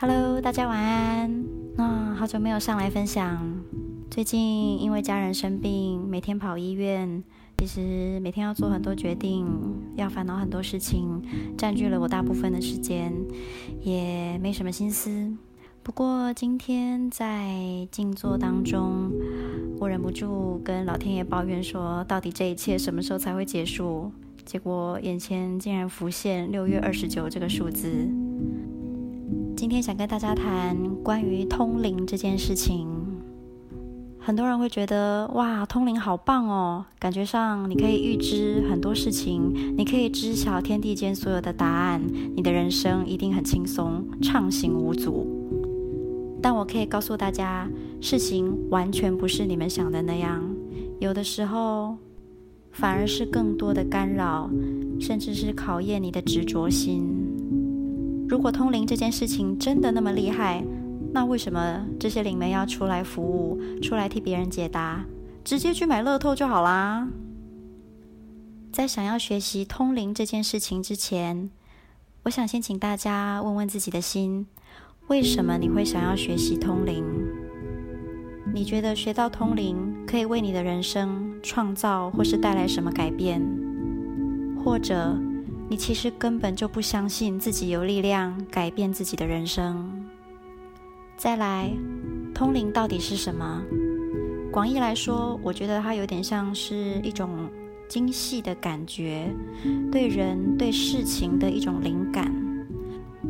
Hello，大家晚安。那、哦、好久沒有上來分享，最近因為家人生病，每天跑醫院，其實每天要做很多決定，要煩惱很多事情，占據了我大部分的時間，也沒什麼心思。不過今天在靜坐當中，我忍不住跟老天爺抱怨說，到底這一切什麼時候才會結束？結果眼前竟然浮現六月二十九這個數字。今天想跟大家談關於通靈這件事情。很多人會覺得，哇，通靈好棒哦，感覺上你可以預知很多事情，你可以知曉天地間所有的答案，你的人生一定很輕鬆，暢行無阻。但我可以告訴大家，事情完全不是你們想的那樣，有的時候反而是更多的干擾，甚至是考驗你的執着心。如果通靈這件事情真的那麼厲害，那為什麼這些靈媒要出來服務、出來替別人解答？直接去買樂透就好啦！在想要學習通靈這件事情之前，我想先請大家問問自己的心：為什麼你會想要學習通靈？你覺得學到通靈可以為你的人生創造或是帶來什麼改變？或者……你其實根本就不相信自己有力量改變自己的人生。再來，通靈到底是什麼？廣義來說，我覺得它有點像是一種精細的感覺，對人、對事情的一種靈感，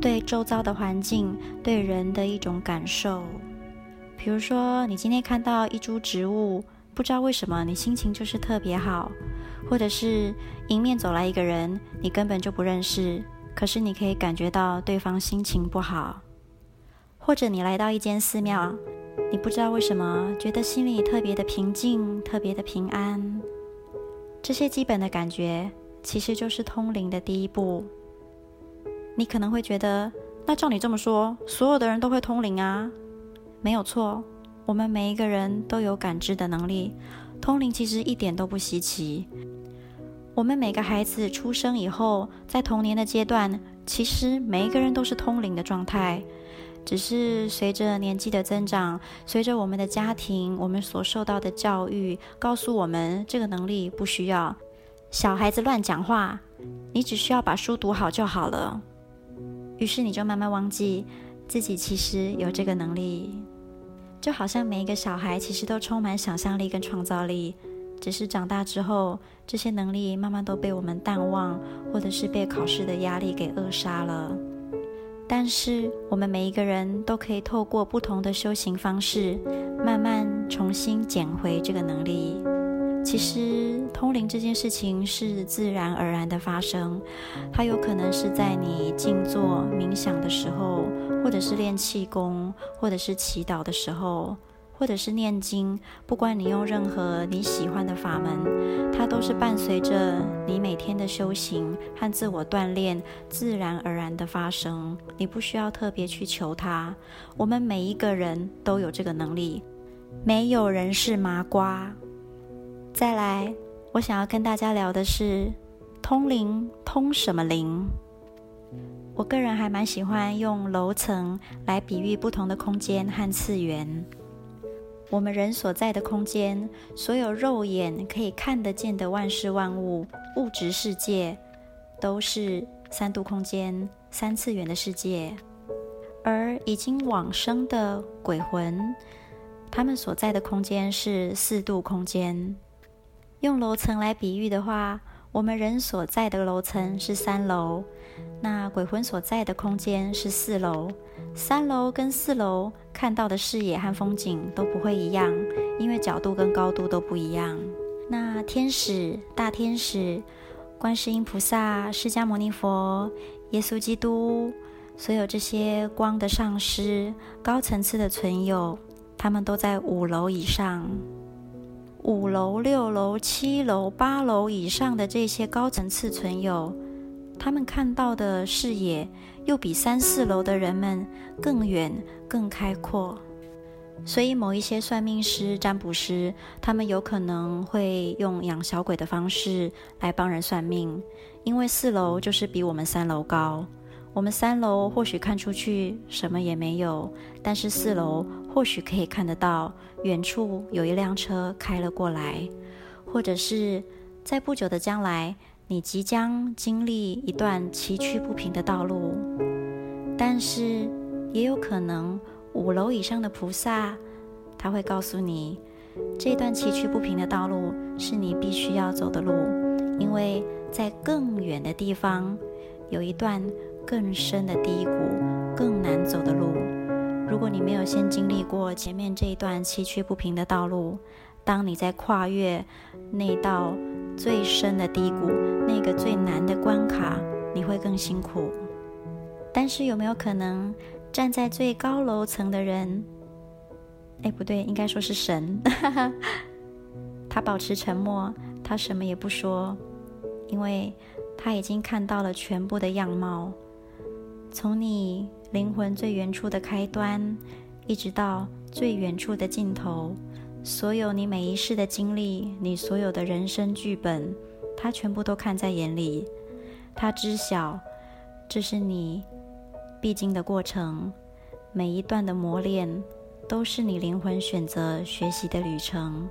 對周遭的環境、對人的一種感受。比如說，你今天看到一株植物。不知道為什麼你心情就是特別好，或者是迎面走來一個人，你根本就不認識，可是你可以感覺到對方心情不好，或者你來到一間寺廟，你不知道為什麼覺得心裡特別的平靜，特別的平安。這些基本的感覺其實就是通靈的第一步。你可能會覺得，那照你這麼說，所有的人都會通靈啊？沒有錯。我們每一個人都有感知的能力，通靈其實一點都不稀奇。我們每個孩子出生以後，在童年的階段，其實每一個人都是通靈的狀態，只是隨着年紀的增長，隨着我們的家庭，我們所受到的教育告訴我們這個能力不需要，小孩子亂講話，你只需要把書讀好就好了。於是你就慢慢忘記自己其實有這個能力。就好像每一個小孩其實都充滿想象力跟創造力，只是長大之後，這些能力慢慢都被我們淡忘，或者是被考試的壓力給扼殺了。但是，我們每一個人都可以透過不同的修行方式，慢慢重新撿回這個能力。其實，通靈這件事情是自然而然的發生。它有可能是在你靜坐冥想的時候，或者是練氣功，或者是祈禱的時候，或者是念經。不管你用任何你喜歡的法門，它都是伴隨着你每天的修行和自我鍛鍊，自然而然的發生。你不需要特別去求它。我們每一個人都有這個能力，沒有人是麻瓜。再來，我想要跟大家聊的是通靈，通什麼靈？我個人還蠻喜歡用樓層來比喻不同的空間和次元。我們人所在的空間，所有肉眼可以看得見的萬事萬物、物質世界都是三度空間、三次元的世界。而已經往生的鬼魂，他們所在的空間是四度空間。用樓層來比喻的話，我們人所在的樓層是三樓，那鬼魂所在的空間是四樓。三樓跟四樓看到的視野和風景都不會一樣，因為角度跟高度都不一樣。那天使、大天使、觀世音菩薩、釋迦牟尼佛、耶穌基督，所有這些光的上師、高層次的存有，他們都在五樓以上。五樓、六樓、七樓、八樓以上的這些高層次存有，他們看到的視野又比三四樓的人們更遠、更開闊。所以，某一些算命師、占卜師，他們有可能會用養小鬼的方式來幫人算命，因為四樓就是比我們三樓高。我們三樓或許看出去什麼也沒有，但是四樓或許可以看得到，遠處有一輛車開了過來，或者是在不久的將來，你即將經歷一段崎嶇不平的道路。但是也有可能五樓以上的菩薩，他會告訴你，這段崎嶇不平的道路是你必須要走的路，因為在更遠的地方有一段。更深的低谷，更難走的路。如果你沒有先經歷過前面這一段崎嶇不平的道路，當你在跨越那道最深的低谷，那個最難的關卡，你會更辛苦。但是有沒有可能，站在最高樓層的人，哎，不對，應該說是神，哈哈，他保持沉默，他什麼也不說，因為他已經看到了全部的樣貌。從你靈魂最遠處的開端，一直到最遠處的盡頭，所有你每一世的經歷，你所有的人生劇本，他全部都看在眼裡。他知曉，這是你必經的過程。每一段的磨練，都是你靈魂選擇學習的旅程。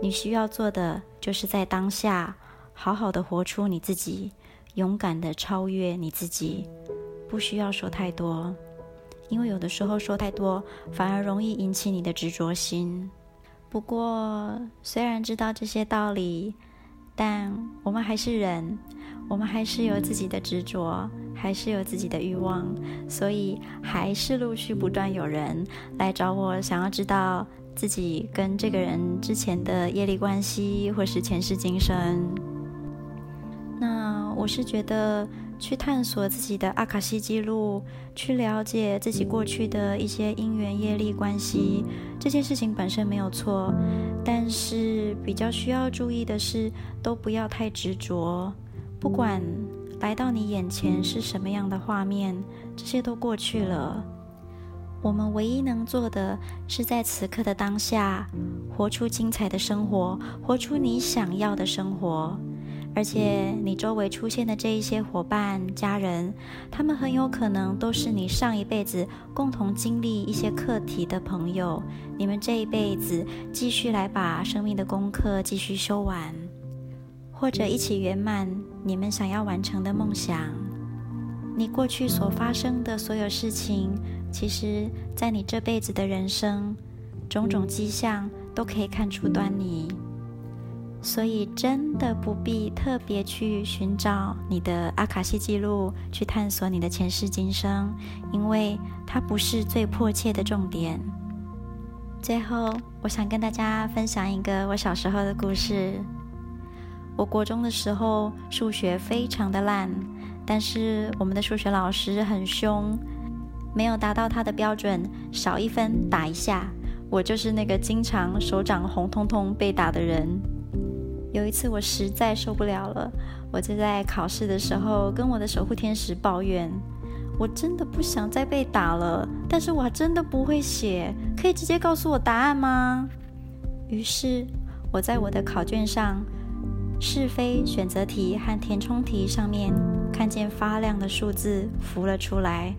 你需要做的，就是在當下，好好的活出你自己，勇敢的超越你自己。不需要說太多，因為有的時候說太多反而容易引起你的執着心。不過，雖然知道這些道理，但我們還是人，我們還是有自己的執着，還是有自己的慾望，所以還是陸續不斷有人來找我，想要知道自己跟這個人之前的業力關係，或是前世今生。那我是覺得。去探索自己的阿卡西記錄，去了解自己過去的一些因緣業力關係。這些事情本身沒有錯，但是比較需要注意的是，都不要太執着。不管來到你眼前是什麼樣的畫面，這些都過去了。我們唯一能做的是，在此刻的當下，活出精彩的生活，活出你想要的生活。而且，你周圍出現的這一些夥伴、家人，他們很有可能都是你上一輩子共同經歷一些課題的朋友。你們這一輩子繼續來把生命的功課繼續修完，或者一起圓滿你們想要完成的夢想。你過去所發生的所有事情，其實在你這輩子的人生種種跡象都可以看出端倪。所以，真的不必特別去尋找你的阿卡西記錄，去探索你的前世今生，因為它不是最迫切的重點。最後，我想跟大家分享一個我小時候的故事。我國中的時候，數學非常的爛，但是我們的數學老師很凶，沒有達到他的標準，少一分打一下。我就是那個經常手掌紅彤彤被打的人。有一次，我實在受不了了，我就在考試的時候跟我的守護天使抱怨：“我真的不想再被打了，但是我真的不會寫，可以直接告訴我答案嗎？”於是，我在我的考卷上，是非選擇題和填充題上面看見發亮的數字浮了出來。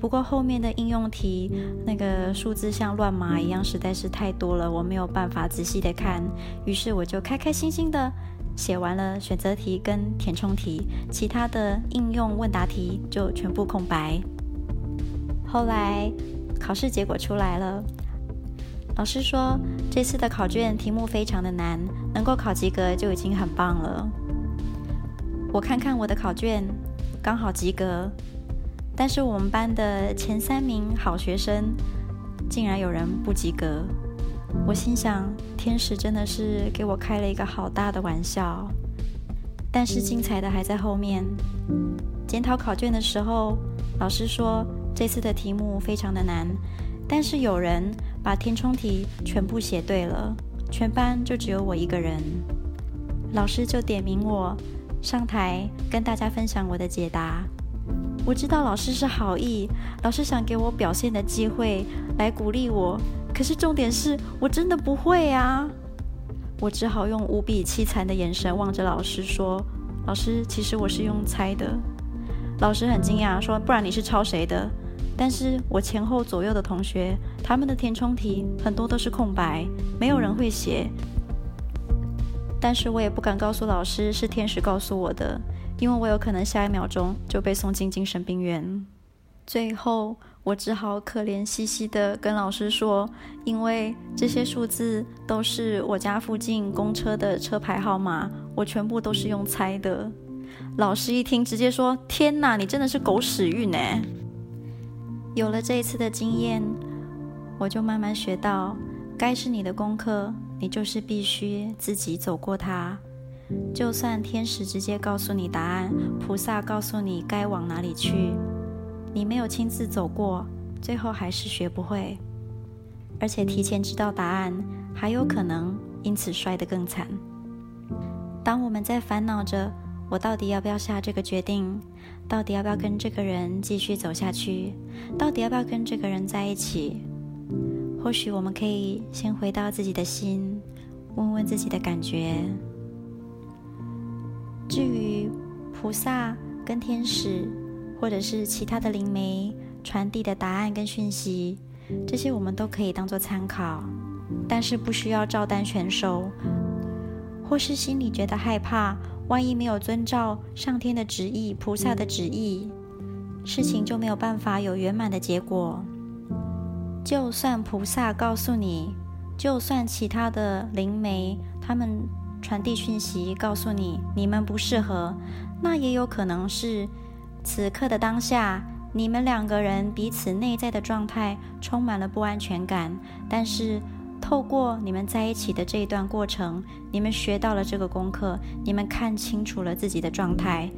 不過後面的應用題那個數字像亂碼一樣，實在是太多了，我沒有辦法仔細的看。於是我就開開心心的寫完了選擇題跟填充題，其他的應用問答題就全部空白。後來考試結果出來了，老師說，這次的考卷題目非常的難，能夠考及格就已經很棒了。我看看我的考卷，剛好及格。但是我們班的前三名好學生，竟然有人不及格。我心想，天使真的是給我開了一個好大的玩笑。但是精彩的還在後面。檢討考卷的時候，老師說這次的題目非常的難，但是有人把填充題全部寫對了，全班就只有我一個人。老師就點名我上台跟大家分享我的解答。我知道老師是好意，老師想給我表現的機會來鼓勵我。可是重點是我真的不會啊！我只好用無比淒慘的眼神望着老師說：“老師，其實我是用猜的。”老師很驚訝說：“不然你是抄誰的？”但是我前後左右的同學，他們的填充題很多都是空白，沒有人會寫。但是我也不敢告訴老師是天使告訴我的。因為我有可能下一秒鐘就被送進精神病院，最後我只好可憐兮兮地跟老師說：“因為這些數字都是我家附近公車的車牌號碼，我全部都是用猜的。”老師一聽，直接說：“天哪，你真的是狗屎運欸！”有了這一次的經驗，我就慢慢學到，該是你的功課，你就是必須自己走過它。就算天使直接告訴你答案，菩薩告訴你該往哪裡去，你沒有親自走過，最後還是學不會。而且提前知道答案，還有可能因此摔得更慘。當我們在煩惱着我到底要不要下這個決定，到底要不要跟這個人繼續走下去，到底要不要跟這個人在一起，或許我們可以先回到自己的心，問問自己的感覺。至於菩薩跟天使，或者是其他的靈媒傳遞的答案跟訊息，這些我們都可以當做參考，但是不需要照單全收。或是心裡覺得害怕，萬一沒有遵照上天的旨意、菩薩的旨意，事情就沒有辦法有圓滿的結果。就算菩薩告訴你，就算其他的靈媒他們傳遞訊息告訴你，你們不適合。那也有可能是此刻的當下，你們兩個人彼此內在的狀態充滿了不安全感。但是，透過你們在一起的這一段過程，你們學到了這個功課，你們看清楚了自己的狀態。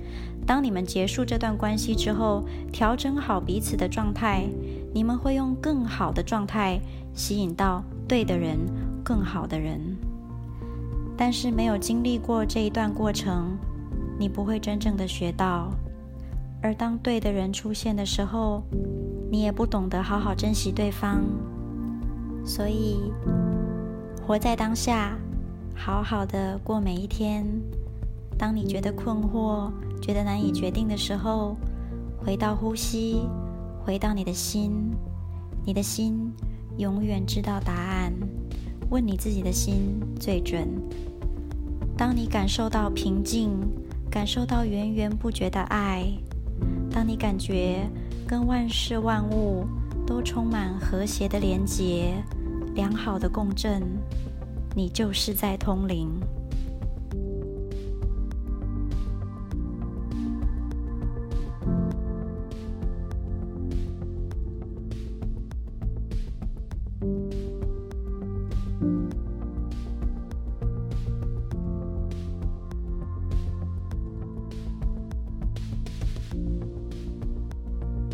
當你們結束這段關係之後，調整好彼此的狀態，你們會用更好的狀態吸引到對的人，更好的人。但是沒有經歷過這一段過程，你不會真正的學到。而當對的人出現的時候，你也不懂得好好珍惜對方。所以，活在當下，好好的過每一天，當你覺得困惑，覺得難以決定的時候，回到呼吸，回到你的心，你的心永遠知道答案。問你自己的心最準。當你感受到平靜，感受到源源不絕的愛，當你感覺跟萬事萬物都充滿和諧的連結、良好的共振，你就是在通靈。